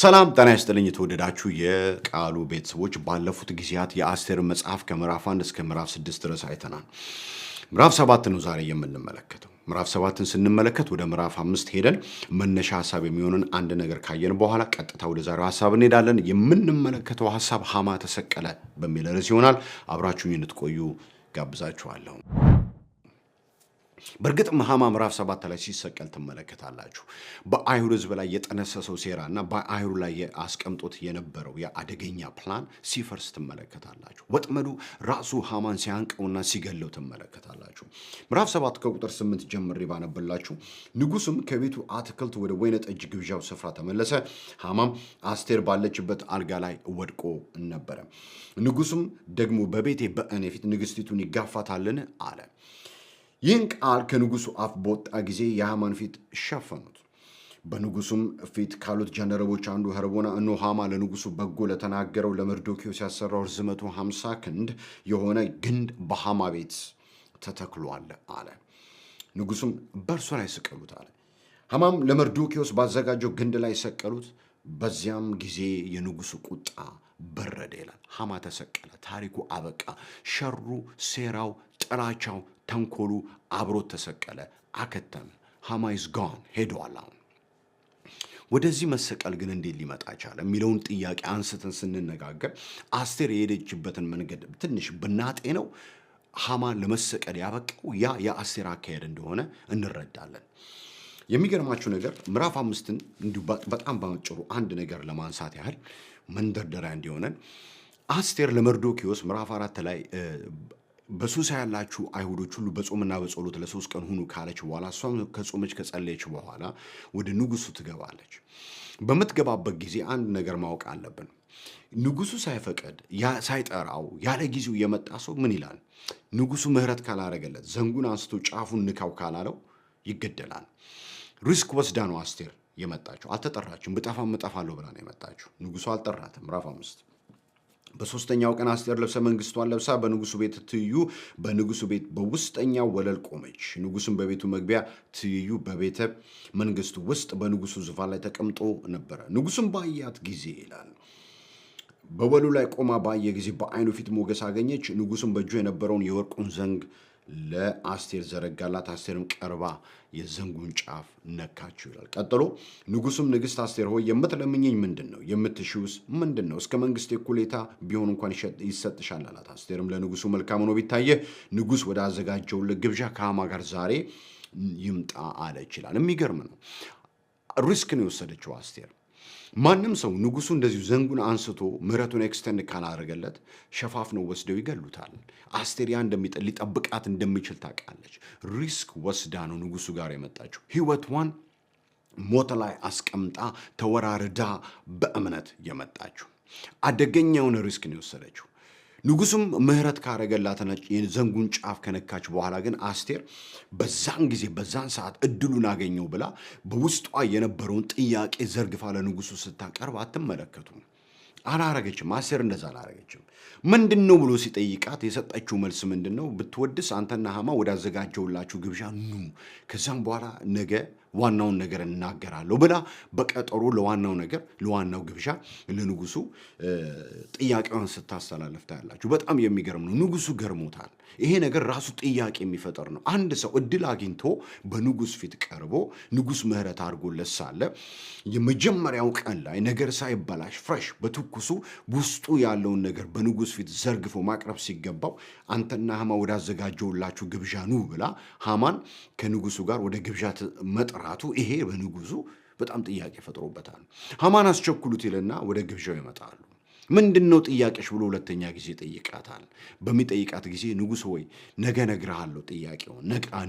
ሰላም ጤና ይስጥልኝ። የተወደዳችሁ የቃሉ ቤተሰቦች ባለፉት ጊዜያት የአስቴር መጽሐፍ ከምዕራፍ አንድ እስከ ምዕራፍ ስድስት ድረስ አይተናል። ምዕራፍ ሰባት ነው ዛሬ የምንመለከተው። ምዕራፍ ሰባትን ስንመለከት ወደ ምዕራፍ አምስት ሄደን መነሻ ሀሳብ የሚሆንን አንድ ነገር ካየን በኋላ ቀጥታ ወደ ዛሬው ሀሳብ እንሄዳለን። የምንመለከተው ሀሳብ ሐማ ተሰቀለ በሚል ርዕስ ይሆናል። አብራችሁኝ እንድትቆዩ ጋብዛችኋለሁ። በእርግጥ መሐማ ምዕራፍ ሰባት ላይ ሲሰቀል ትመለከታላችሁ። በአይሁድ ሕዝብ ላይ የጠነሰሰው ሴራ እና በአይሁድ ላይ አስቀምጦት የነበረው የአደገኛ ፕላን ሲፈርስ ትመለከታላችሁ። ወጥመዱ ራሱ ሐማን ሲያንቀውና ሲገለው ትመለከታላችሁ። ምዕራፍ ሰባት ከቁጥር ስምንት ጀምሬ ባነብላችሁ፣ ንጉሥም ከቤቱ አትክልት ወደ ወይነ ጠጅ ግብዣው ስፍራ ተመለሰ። ሐማም አስቴር ባለችበት አልጋ ላይ ወድቆ ነበረ። ንጉሱም ደግሞ በቤቴ በእኔ ፊት ንግስቲቱን ይጋፋታልን አለ። ይህን ቃል ከንጉሱ አፍ በወጣ ጊዜ የሃማን ፊት ሸፈኑት። በንጉሱም ፊት ካሉት ጀነረቦች አንዱ ኸርቦና እኖ ሃማ ለንጉሱ በጎ ለተናገረው ለመርዶኪዎስ ያሰራው ርዝመቱ 50 ክንድ የሆነ ግንድ በሃማ ቤት ተተክሏል አለ። ንጉሱም በእርሱ ላይ ስቀሉት አለ። ሃማም ለመርዶኪዎስ ባዘጋጀው ግንድ ላይ ሰቀሉት። በዚያም ጊዜ የንጉሱ ቁጣ በረደ ይላል። ሃማ ተሰቀለ። ታሪኩ አበቃ። ሸሩ፣ ሴራው፣ ጥላቻው ተንኮሉ አብሮ ተሰቀለ፣ አከተመ። ሃማ ጋን ሄደዋል። አሁን ወደዚህ መሰቀል ግን እንዴት ሊመጣ ቻለ የሚለውን ጥያቄ አንስተን ስንነጋገር አስቴር የሄደችበትን መንገድ ትንሽ ብናጤ ነው ሃማን ለመሰቀል ያበቃው ያ የአስቴር አካሄድ እንደሆነ እንረዳለን። የሚገርማችሁ ነገር ምዕራፍ አምስትን እንዲሁ በጣም በአጭሩ አንድ ነገር ለማንሳት ያህል መንደርደሪያ እንዲሆነን አስቴር ለመርዶኪዎስ ምዕራፍ አራት ላይ በሱሳ ያላችሁ አይሁዶች ሁሉ በጾምና በጸሎት ለሶስት ቀን ሁኑ ካለች በኋላ እሷም ከጾመች ከጸለየች በኋላ ወደ ንጉሱ ትገባለች። በምትገባበት ጊዜ አንድ ነገር ማወቅ አለብን። ንጉሱ ሳይፈቀድ ሳይጠራው ያለ ጊዜው የመጣ ሰው ምን ይላል? ንጉሱ ምሕረት ካላረገለት ዘንጉን አንስቶ ጫፉን ንካው ካላለው ይገደላል። ሪስክ ወስዳ ነው አስቴር የመጣችው። አልተጠራችም። ብጠፋም እጠፋለሁ ብላ ነው የመጣችው። ንጉሱ አልጠራትም። ምዕራፍ አምስት በሶስተኛው ቀን አስቴር ልብሰ መንግስቷን ለብሳ በንጉሱ ቤት ትይዩ በንጉሱ ቤት በውስጠኛው ወለል ቆመች። ንጉሱም በቤቱ መግቢያ ትይዩ በቤተ መንግስቱ ውስጥ በንጉሱ ዙፋን ላይ ተቀምጦ ነበረ። ንጉስም ባያት ጊዜ ይላል በወሉ ላይ ቆማ ባየ ጊዜ በአይኑ ፊት ሞገስ አገኘች። ንጉሱም በእጁ የነበረውን የወርቁን ዘንግ ለአስቴር ዘረጋላት። አስቴርም ቀርባ የዘንጉን ጫፍ ነካችሁ ይላል። ቀጥሎ ንጉሱም ንግስት አስቴር ሆይ የምትለምኘኝ ምንድን ነው? የምትሽውስ ምንድን ነው? እስከ መንግስት እኩሌታ ቢሆን እንኳን ይሰጥሻል አላት። አስቴርም ለንጉሱ መልካም ሆኖ ቢታየ ንጉስ ወደ አዘጋጀውለት ግብዣ ከሃማ ጋር ዛሬ ይምጣ አለ ይችላል። የሚገርም ነው። ሪስክ ነው የወሰደችው አስቴር ማንም ሰው ንጉሱ እንደዚሁ ዘንጉን አንስቶ ምሕረቱን ኤክስተንድ ካላደረገለት ሸፋፍነው ወስደው ይገሉታል። አስቴሪያ ሊጠብቃት እንደሚችል ታውቃለች። ሪስክ ወስዳ ነው ንጉሱ ጋር የመጣችው። ህይወቷን ሞት ላይ አስቀምጣ ተወራርዳ በእምነት የመጣችው አደገኛውን ሪስክ ነው የወሰደችው። ንጉሱም ምህረት ካረገላትና ዘንጉን ጫፍ ከነካች በኋላ ግን አስቴር በዛን ጊዜ በዛን ሰዓት እድሉን አገኘው ብላ በውስጧ የነበረውን ጥያቄ ዘርግፋ ለንጉሱ ስታቀርብ አትመለከቱም። አላረገችም። አስቴር እንደዛ አላረገችም። ምንድን ነው ብሎ ሲጠይቃት የሰጠችው መልስ ምንድን ነው? ብትወድስ አንተና ሀማ ወዳዘጋጀውላችሁ ግብዣ ኑ፣ ከዛም በኋላ ነገ ዋናውን ነገር እናገራለሁ ብላ በቀጠሮ ለዋናው ነገር ለዋናው ግብዣ ለንጉሱ ጥያቄዋን ስታስተላለፍ ታያላችሁ። በጣም የሚገርም ነው። ንጉሱ ገርሞታል። ይሄ ነገር ራሱ ጥያቄ የሚፈጠር ነው። አንድ ሰው እድል አግኝቶ በንጉስ ፊት ቀርቦ ንጉስ ምሕረት አድርጎለት ሳለ የመጀመሪያው ቀን ላይ ነገር ሳይበላሽ ፍሬሽ በትኩሱ ውስጡ ያለውን ነገር በን በንጉሥ ፊት ዘርግፎ ማቅረብ ሲገባው አንተና ሃማ ወዳዘጋጀውላችሁ ግብዣ ኑ ብላ ሃማን ከንጉሱ ጋር ወደ ግብዣ መጥራቱ ይሄ በንጉሱ በጣም ጥያቄ ፈጥሮበታል። ሃማን አስቸኩሉት ይልና ወደ ግብዣው ይመጣሉ። ምንድን ነው ጥያቄሽ ብሎ ሁለተኛ ጊዜ ጠይቃታል። በሚጠይቃት ጊዜ ንጉሥ ወይ ነገ ነግረሃለሁ፣ ጥያቄውን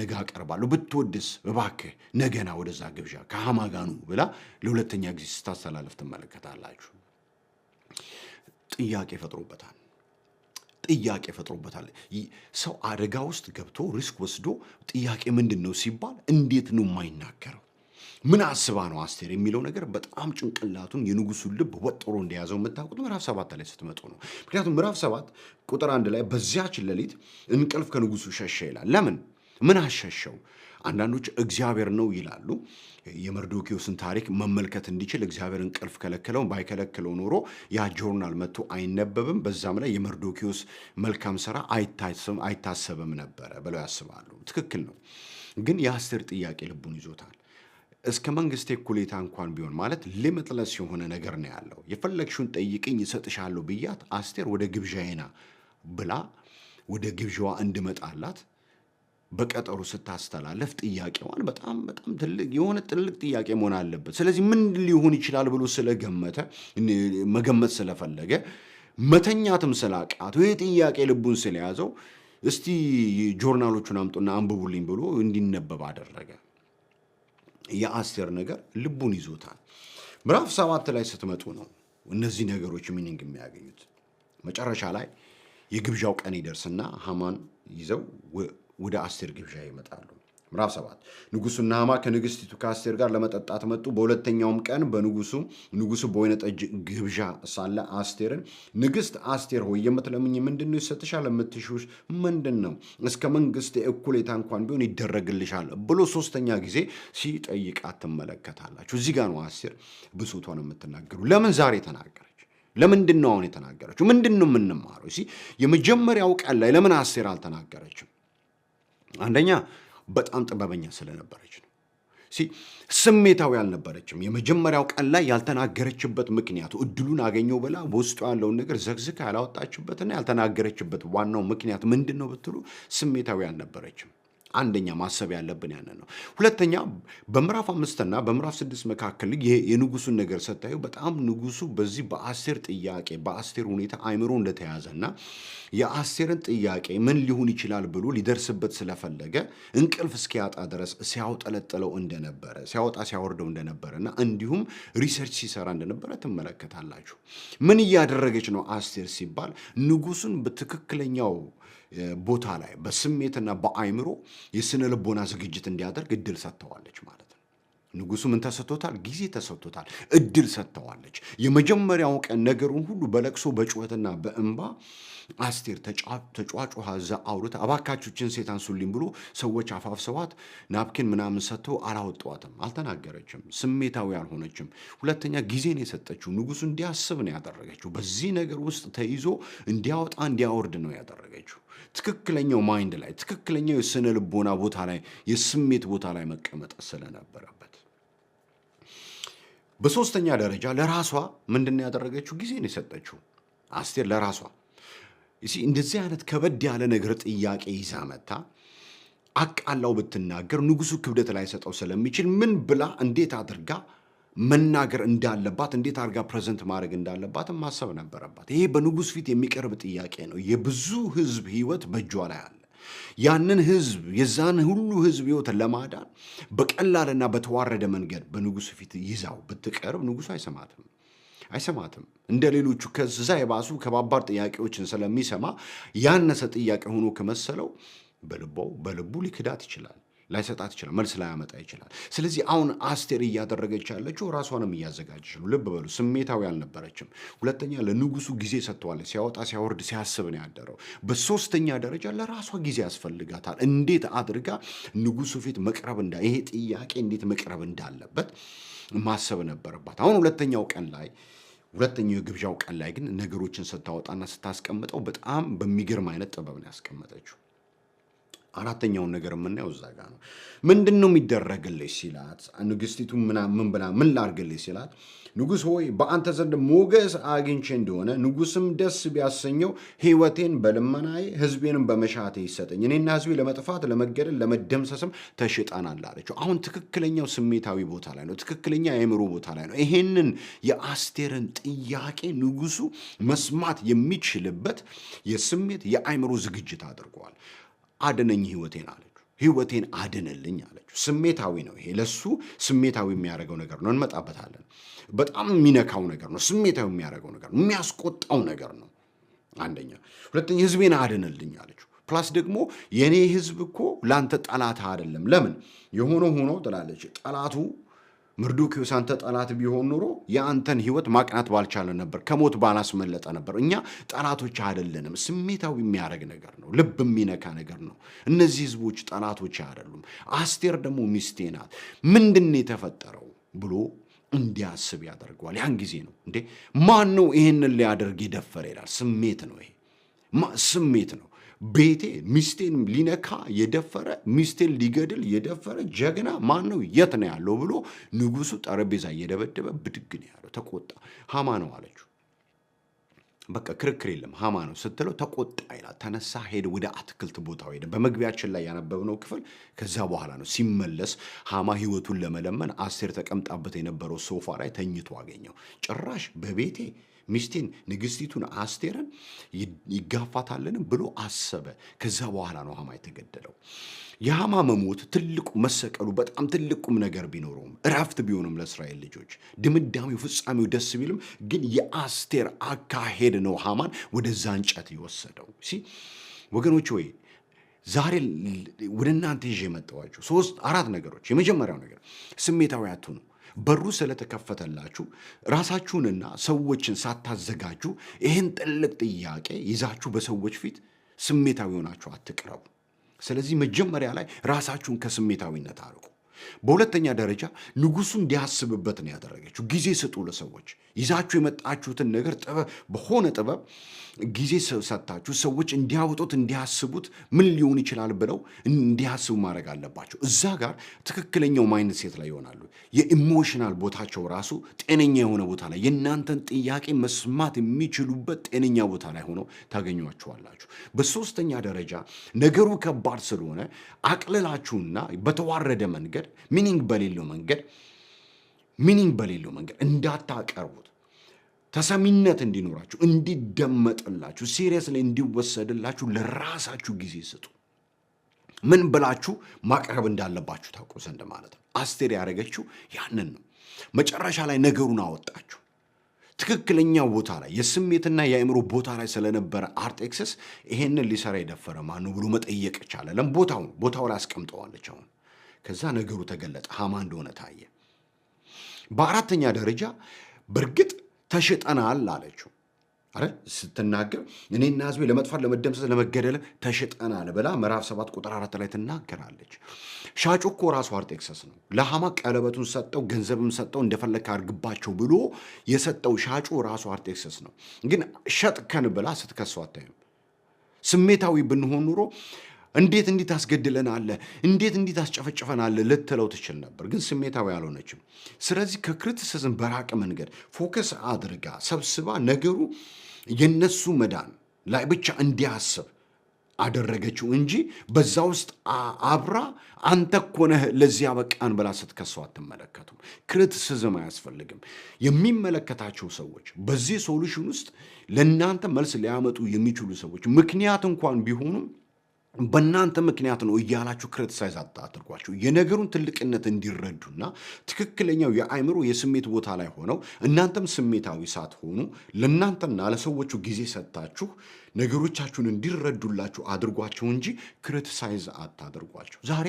ነገ አቀርባለሁ፣ ብትወድስ እባክህ ነገና ወደዛ ግብዣ ከሐማ ጋኑ ብላ ለሁለተኛ ጊዜ ስታስተላለፍ ትመለከታላችሁ። ጥያቄ ፈጥሮበታል። ጥያቄ ፈጥሮበታል። ሰው አደጋ ውስጥ ገብቶ ሪስክ ወስዶ ጥያቄ ምንድን ነው ሲባል እንዴት ነው የማይናገረው? ምን አስባ ነው አስቴር የሚለው ነገር በጣም ጭንቅላቱን የንጉሱን ልብ ወጥሮ እንደያዘው የምታውቁት ምዕራፍ ሰባት ላይ ስትመጡ ነው። ምክንያቱም ምዕራፍ ሰባት ቁጥር አንድ ላይ በዚያች ሌሊት እንቅልፍ ከንጉሱ ሸሸ ይላል። ለምን ምን አሸሸው? አንዳንዶች እግዚአብሔር ነው ይላሉ። የመርዶኪዎስን ታሪክ መመልከት እንዲችል እግዚአብሔር እንቅልፍ ከለከለው። ባይከለክለው ኖሮ ያ ጆርናል መጥቶ አይነበብም። በዛም ላይ የመርዶኪዎስ መልካም ስራ አይታሰብም ነበረ ብለው ያስባሉ። ትክክል ነው። ግን የአስቴር ጥያቄ ልቡን ይዞታል። እስከ መንግስት እኩሌታ እንኳን ቢሆን ማለት ሊመጥለስ የሆነ ነገር ነው ያለው። የፈለግሽውን ጠይቅኝ ይሰጥሻለሁ ብያት አስቴር ወደ ግብዣዬና ብላ ወደ ግብዣዋ እንድመጣላት በቀጠሩ ስታስተላለፍ ጥያቄዋን በጣም በጣም ትልቅ የሆነ ትልቅ ጥያቄ መሆን አለበት። ስለዚህ ምን ሊሆን ይችላል ብሎ ስለገመተ መገመት ስለፈለገ መተኛትም ስላቃተው ይህ ጥያቄ ልቡን ስለያዘው እስቲ ጆርናሎቹን አምጡና አንብቡልኝ ብሎ እንዲነበብ አደረገ። የአስቴር ነገር ልቡን ይዞታል። ምዕራፍ ሰባት ላይ ስትመጡ ነው እነዚህ ነገሮች ሚኒንግ የሚያገኙት። መጨረሻ ላይ የግብዣው ቀን ይደርስና ሃማን ይዘው ወደ አስቴር ግብዣ ይመጣሉ። ምዕራፍ ሰባት ንጉሱና ሐማ ከንግስቲቱ ከአስቴር ጋር ለመጠጣት መጡ። በሁለተኛውም ቀን በንጉሱ ንጉሱ በወይነ ጠጅ ግብዣ ሳለ አስቴርን ንግስት አስቴር ሆይ የምትለምኝ ምንድን ነው? ይሰጥሻል። የምትሽሽ ምንድን ነው? እስከ መንግስት እኩሌታ እንኳን ቢሆን ይደረግልሻል ብሎ ሶስተኛ ጊዜ ሲጠይቃት ትመለከታላችሁ። እዚህ ጋር ነው አስቴር ብሶቷን የምትናገሩ። ለምን ዛሬ ተናገረ? ለምንድን ነው አሁን የተናገረችው? ምንድን ነው የምንማረው? የመጀመሪያው ቀን ላይ ለምን አስቴር አልተናገረችም? አንደኛ በጣም ጥበበኛ ስለነበረች ነው። ስሜታዊ አልነበረችም። የመጀመሪያው ቀን ላይ ያልተናገረችበት ምክንያቱ እድሉን አገኘው ብላ በውስጡ ያለውን ነገር ዘግዝካ ያላወጣችበትና ያልተናገረችበት ዋናው ምክንያት ምንድን ነው ብትሉ ስሜታዊ አልነበረችም። አንደኛ ማሰብ ያለብን ያንን ነው። ሁለተኛ በምዕራፍ አምስትና በምዕራፍ ስድስት መካከል የንጉሱን ነገር ስታዩ በጣም ንጉሱ በዚህ በአስቴር ጥያቄ በአስቴር ሁኔታ አይምሮ እንደተያዘና የአስቴርን ጥያቄ ምን ሊሆን ይችላል ብሎ ሊደርስበት ስለፈለገ እንቅልፍ እስኪያጣ ድረስ ሲያውጠለጥለው እንደነበረ ሲያወጣ ሲያወርደው እንደነበረ እንዲሁም ሪሰርች ሲሰራ እንደነበረ ትመለከታላችሁ። ምን እያደረገች ነው አስቴር ሲባል ንጉሱን በትክክለኛው ቦታ ላይ በስሜትና በአይምሮ የስነ ልቦና ዝግጅት እንዲያደርግ እድል ሰጥተዋለች ማለት ነው። ንጉሱ ምን ተሰጥቶታል? ጊዜ ተሰጥቶታል፣ እድል ሰጥተዋለች። የመጀመሪያው ቀን ነገሩን ሁሉ በለቅሶ በጩኸትና በእንባ አስቴር ተጫጫኋ እዛ አውርታ እባካችሁችን ሴት አንሱልኝ ብሎ ሰዎች አፋፍሰዋት ናፕኪን ምናምን ሰጥተው አላወጠዋትም፣ አልተናገረችም። ስሜታዊ አልሆነችም። ሁለተኛ ጊዜን የሰጠችው ንጉሱ እንዲያስብ ነው ያደረገችው። በዚህ ነገር ውስጥ ተይዞ እንዲያወጣ እንዲያወርድ ነው ያደረገችው። ትክክለኛው ማይንድ ላይ ትክክለኛው የስነ ልቦና ቦታ ላይ የስሜት ቦታ ላይ መቀመጥ ስለነበረበት በሶስተኛ ደረጃ ለራሷ ምንድን ያደረገችው ጊዜን የሰጠችው አስቴር ለራሷ እንደዚህ አይነት ከበድ ያለ ነገር ጥያቄ ይዛ መታ አቃላው ብትናገር ንጉሱ ክብደት ላይ ሰጠው ስለሚችል ምን ብላ እንዴት አድርጋ መናገር እንዳለባት እንዴት አድርጋ ፕሬዘንት ማድረግ እንዳለባትም ማሰብ ነበረባት። ይሄ በንጉሥ ፊት የሚቀርብ ጥያቄ ነው። የብዙ ህዝብ ህይወት በእጇ ላይ አለ። ያንን ህዝብ የዛን ሁሉ ህዝብ ህይወት ለማዳን በቀላልና በተዋረደ መንገድ በንጉሱ ፊት ይዛው ብትቀርብ ንጉሱ አይሰማትም። አይሰማትም። እንደ ሌሎቹ ከዛ የባሱ ከባባር ጥያቄዎችን ስለሚሰማ ያነሰ ጥያቄ ሆኖ ከመሰለው በልቦ በልቡ ሊክዳት ይችላል፣ ላይሰጣት ይችላል፣ መልስ ላያመጣ ይችላል። ስለዚህ አሁን አስቴር እያደረገች ያለችው ራሷንም እያዘጋጀች ነው። ልብ በሉ፣ ስሜታዊ አልነበረችም። ሁለተኛ ለንጉሱ ጊዜ ሰጥተዋለች። ሲያወጣ ሲያወርድ ሲያስብ ነው ያደረው። በሶስተኛ ደረጃ ለራሷ ጊዜ ያስፈልጋታል። እንዴት አድርጋ ንጉሱ ፊት መቅረብ እንዳ ይሄ ጥያቄ እንዴት መቅረብ እንዳለበት ማሰብ ነበረባት። አሁን ሁለተኛው ቀን ላይ ሁለተኛው የግብዣው ቀን ላይ ግን ነገሮችን ስታወጣና ስታስቀምጠው በጣም በሚገርም አይነት ጥበብ ነው ያስቀመጠችው። አራተኛውን ነገር የምናየው እዛ ጋ ነው። ምንድን ነው የሚደረግልሽ ሲላት፣ ንግስቲቱ ምን ብላ ምን ላርግልሽ ሲላት፣ ንጉስ ሆይ በአንተ ዘንድ ሞገስ አግኝቼ እንደሆነ ንጉስም ደስ ቢያሰኘው ህይወቴን በልመናዬ ህዝቤንም በመሻቴ ይሰጠኝ። እኔና ህዝቤ ለመጥፋት ለመገደል፣ ለመደምሰስም ተሽጠናል አለችው። አሁን ትክክለኛው ስሜታዊ ቦታ ላይ ነው። ትክክለኛ የአእምሮ ቦታ ላይ ነው። ይሄንን የአስቴርን ጥያቄ ንጉሱ መስማት የሚችልበት የስሜት የአእምሮ ዝግጅት አድርገዋል። አድነኝ ህይወቴን አለች። ህይወቴን አድንልኝ አለች። ስሜታዊ ነው ይሄ። ለሱ ስሜታዊ የሚያደርገው ነገር ነው፣ እንመጣበታለን። በጣም የሚነካው ነገር ነው፣ ስሜታዊ የሚያደርገው ነገር ነው፣ የሚያስቆጣው ነገር ነው። አንደኛ። ሁለተኛ ህዝቤን አድንልኝ አለችው። ፕላስ ደግሞ የእኔ ህዝብ እኮ ለአንተ ጠላት አይደለም። ለምን የሆነ ሆኖ ትላለች ጠላቱ መርዶኪዎስ አንተ ጠላት ቢሆን ኖሮ የአንተን ህይወት ማቅናት ባልቻለ ነበር፣ ከሞት ባላስመለጠ ነበር። እኛ ጠላቶች አይደለንም። ስሜታዊ የሚያደርግ ነገር ነው፣ ልብ የሚነካ ነገር ነው። እነዚህ ህዝቦች ጠላቶች አይደሉም። አስቴር ደግሞ ሚስቴ ናት። ምንድን የተፈጠረው ብሎ እንዲያስብ ያደርገዋል። ያን ጊዜ ነው እንዴ ማን ነው ይህንን ሊያደርግ የደፈረ ይላል። ስሜት ነው ይሄ፣ ስሜት ነው ቤቴ ሚስቴን ሊነካ የደፈረ ሚስቴን ሊገድል የደፈረ ጀግና ማን ነው? የት ነው ያለው? ብሎ ንጉሱ ጠረጴዛ እየደበደበ ብድግ ነው ያለው። ተቆጣ። ሀማ ነው አለችው። በቃ ክርክር የለም ሃማ ነው ስትለው ተቆጣ ይላል። ተነሳ፣ ሄደ፣ ወደ አትክልት ቦታው ሄደ። በመግቢያችን ላይ ያነበብነው ክፍል ከዛ በኋላ ነው። ሲመለስ ሀማ ህይወቱን ለመለመን አስቴር ተቀምጣበት የነበረው ሶፋ ላይ ተኝቶ አገኘው። ጭራሽ በቤቴ ሚስቴን ንግስቲቱን አስቴርን ይጋፋታልን ብሎ አሰበ። ከዛ በኋላ ነው ሃማ የተገደለው። የሀማ መሞት ትልቁ መሰቀሉ በጣም ትልቁም ነገር ቢኖረውም እረፍት ቢሆንም ለእስራኤል ልጆች ድምዳሜው ፍጻሜው ደስ ቢልም ግን የአስቴር አካሄድ ነው ሃማን ወደዛ እንጨት የወሰደው። ሲ ወገኖች ወይ ዛሬ ወደ እናንተ ይዤ የመጣኋቸው ሶስት አራት ነገሮች። የመጀመሪያው ነገር ስሜታዊ አትሁኑ። በሩ ስለተከፈተላችሁ ራሳችሁንና ሰዎችን ሳታዘጋጁ ይህን ጥልቅ ጥያቄ ይዛችሁ በሰዎች ፊት ስሜታዊ ሆናችሁ አትቅረቡ። ስለዚህ መጀመሪያ ላይ ራሳችሁን ከስሜታዊነት አርቁ። በሁለተኛ ደረጃ ንጉሱ እንዲያስብበት ነው ያደረገችው። ጊዜ ስጡ ለሰዎች ይዛችሁ የመጣችሁትን ነገር ጥበብ በሆነ ጥበብ ጊዜ ሰጥታችሁ ሰዎች እንዲያወጡት እንዲያስቡት ምን ሊሆን ይችላል ብለው እንዲያስቡ ማድረግ አለባቸው። እዛ ጋር ትክክለኛው ማይንድ ሴት ላይ ይሆናሉ። የኢሞሽናል ቦታቸው ራሱ ጤነኛ የሆነ ቦታ ላይ የእናንተን ጥያቄ መስማት የሚችሉበት ጤነኛ ቦታ ላይ ሆነው ታገኟቸዋላችሁ። በሶስተኛ ደረጃ ነገሩ ከባድ ስለሆነ አቅልላችሁና በተዋረደ መንገድ መንገድ ሚኒንግ በሌለው መንገድ ሚኒንግ በሌለው መንገድ እንዳታቀርቡት ተሰሚነት እንዲኖራችሁ እንዲደመጥላችሁ ሲሪየስ ላይ እንዲወሰድላችሁ ለራሳችሁ ጊዜ ስጡ። ምን ብላችሁ ማቅረብ እንዳለባችሁ ታውቁ ዘንድ ማለት ነው። አስቴር ያደረገችው ያንን ነው። መጨረሻ ላይ ነገሩን አወጣችሁ። ትክክለኛ ቦታ ላይ የስሜትና የአእምሮ ቦታ ላይ ስለነበረ አርጤክስስ ይሄንን ሊሰራ የደፈረ ማነው ብሎ መጠየቅ ቻለ። ለም ቦታውን ቦታው ላይ አስቀምጠዋለች አሁን ከዛ ነገሩ ተገለጠ፣ ሃማ እንደሆነ ታየ። በአራተኛ ደረጃ በእርግጥ ተሽጠናል አለችው። አረ ስትናገር እኔና ህዝቤ ለመጥፋት፣ ለመደምሰስ፣ ለመገደል ተሽጠናል ብላ ምዕራፍ ሰባት ቁጥር አራት ላይ ትናገራለች። ሻጩ እኮ ራሱ አርጤክሰስ ነው። ለሃማ ቀለበቱን ሰጠው፣ ገንዘብም ሰጠው፣ እንደፈለግህ አድርግባቸው ብሎ የሰጠው ሻጩ ራሱ አርጤክሰስ ነው። ግን ሸጥከን ብላ ስትከሰው አታይም። ስሜታዊ ብንሆን ኑሮ እንዴት እንዲህ ታስገድለናለህ፣ እንዴት እንዲህ ታስጨፈጨፈናለህ ልትለው ትችል ነበር፣ ግን ስሜታዊ አልሆነችም። ስለዚህ ከክርቲሲዝም በራቀ መንገድ ፎከስ አድርጋ ሰብስባ ነገሩ የነሱ መዳን ላይ ብቻ እንዲያስብ አደረገችው እንጂ በዛ ውስጥ አብራ አንተ እኮ ነህ ለዚህ አበቃን ብላ ስትከሰው አትመለከቱም። ክርቲሲዝም አያስፈልግም። የሚመለከታቸው ሰዎች በዚህ ሶሉሽን ውስጥ ለእናንተ መልስ ሊያመጡ የሚችሉ ሰዎች ምክንያት እንኳን ቢሆኑም በእናንተ ምክንያት ነው እያላችሁ ክሪቲሳይዝ አታድርጓቸው። የነገሩን ትልቅነት እንዲረዱና ትክክለኛው የአእምሮ የስሜት ቦታ ላይ ሆነው እናንተም ስሜታዊ ሳትሆኑ ለእናንተና ለሰዎቹ ጊዜ ሰጥታችሁ ነገሮቻችሁን እንዲረዱላችሁ አድርጓቸው እንጂ ክሪቲሳይዝ አታድርጓቸው። ዛሬ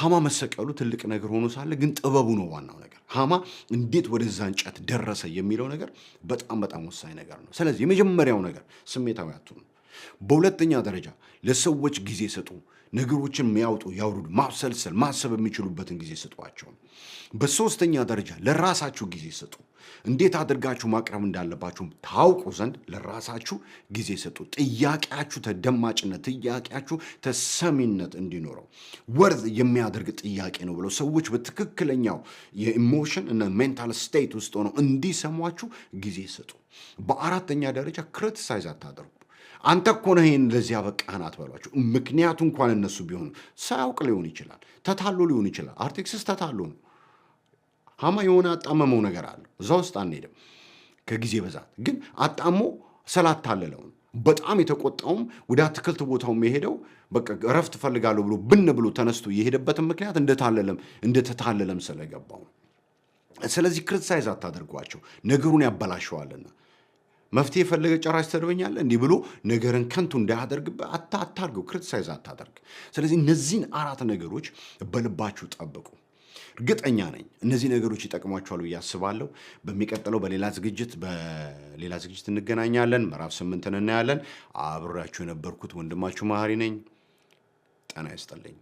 ሐማ መሰቀሉ ትልቅ ነገር ሆኖ ሳለ ግን ጥበቡ ነው ዋናው ነገር። ሐማ እንዴት ወደዛ እንጨት ደረሰ የሚለው ነገር በጣም በጣም ወሳኝ ነገር ነው። ስለዚህ የመጀመሪያው ነገር ስሜታዊ አትሁኑ። በሁለተኛ ደረጃ ለሰዎች ጊዜ ስጡ። ነገሮችን የሚያውጡ ያውሩድ ማብሰልሰል ማሰብ የሚችሉበትን ጊዜ ስጧቸው። በሶስተኛ ደረጃ ለራሳችሁ ጊዜ ስጡ። እንዴት አድርጋችሁ ማቅረብ እንዳለባችሁ ታውቁ ዘንድ ለራሳችሁ ጊዜ ስጡ። ጥያቄያችሁ ተደማጭነት፣ ጥያቄያችሁ ተሰሚነት እንዲኖረው ወርዝ የሚያደርግ ጥያቄ ነው ብለው ሰዎች በትክክለኛው የኢሞሽን እና ሜንታል ስቴት ውስጥ ሆነው እንዲሰሟችሁ ጊዜ ስጡ። በአራተኛ ደረጃ ክሪቲሳይዝ አታደርጉ። አንተ እኮ ነህ ይህን ለዚህ ያበቃህን አትበሏቸው። ምክንያቱ እንኳን እነሱ ቢሆኑ ሳያውቅ ሊሆን ይችላል፣ ተታሎ ሊሆን ይችላል። አርቴክስስ ተታሎ ነው። ሀማ የሆነ አጣመመው ነገር አለ። እዛ ውስጥ አንሄድም። ከጊዜ ብዛት ግን አጣሞ ስላታለለው ነው። በጣም የተቆጣውም ወደ አትክልት ቦታው የሄደው በቃ እረፍት እፈልጋለሁ ብሎ ብን ብሎ ተነስቶ የሄደበትን ምክንያት እንደታለለም እንደተታለለም ስለገባው። ስለዚህ ክርትሳይዝ አታደርጓቸው ነገሩን ያበላሸዋልና መፍትሄ የፈለገ ጨራሽ ተርበኛለ እንዲህ ብሎ ነገርን ከንቱ እንዳያደርግበት አታ አታርገው፣ ክሪቲሳይዝ አታደርግ። ስለዚህ እነዚህን አራት ነገሮች በልባችሁ ጠብቁ። እርግጠኛ ነኝ እነዚህ ነገሮች ይጠቅሟቸዋል ብዬ አስባለሁ። በሚቀጥለው በሌላ ዝግጅት በሌላ ዝግጅት እንገናኛለን። ምዕራፍ ስምንትን እናያለን። አብሬያችሁ የነበርኩት ወንድማችሁ መሀሪ ነኝ። ጤና ይስጥልኝ።